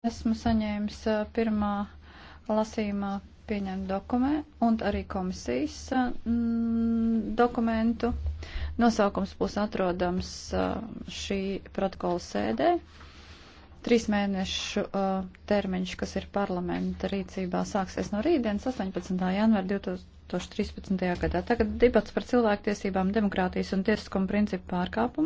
Esmu saņēmis pirmā lasījumā pieņemt dokumentu un arī komisijas mm, dokumentu. Nosaukums būs atrodams šī protokola sēdē. Trīs mēnešu uh, termiņš, kas ir parlamenta rīcībā, sāksies no rītdienas 18. janvāra 2013. gadā. Tagad debats par cilvēktiesībām, demokrātijas un tiesiskumu principu pārkāpumu.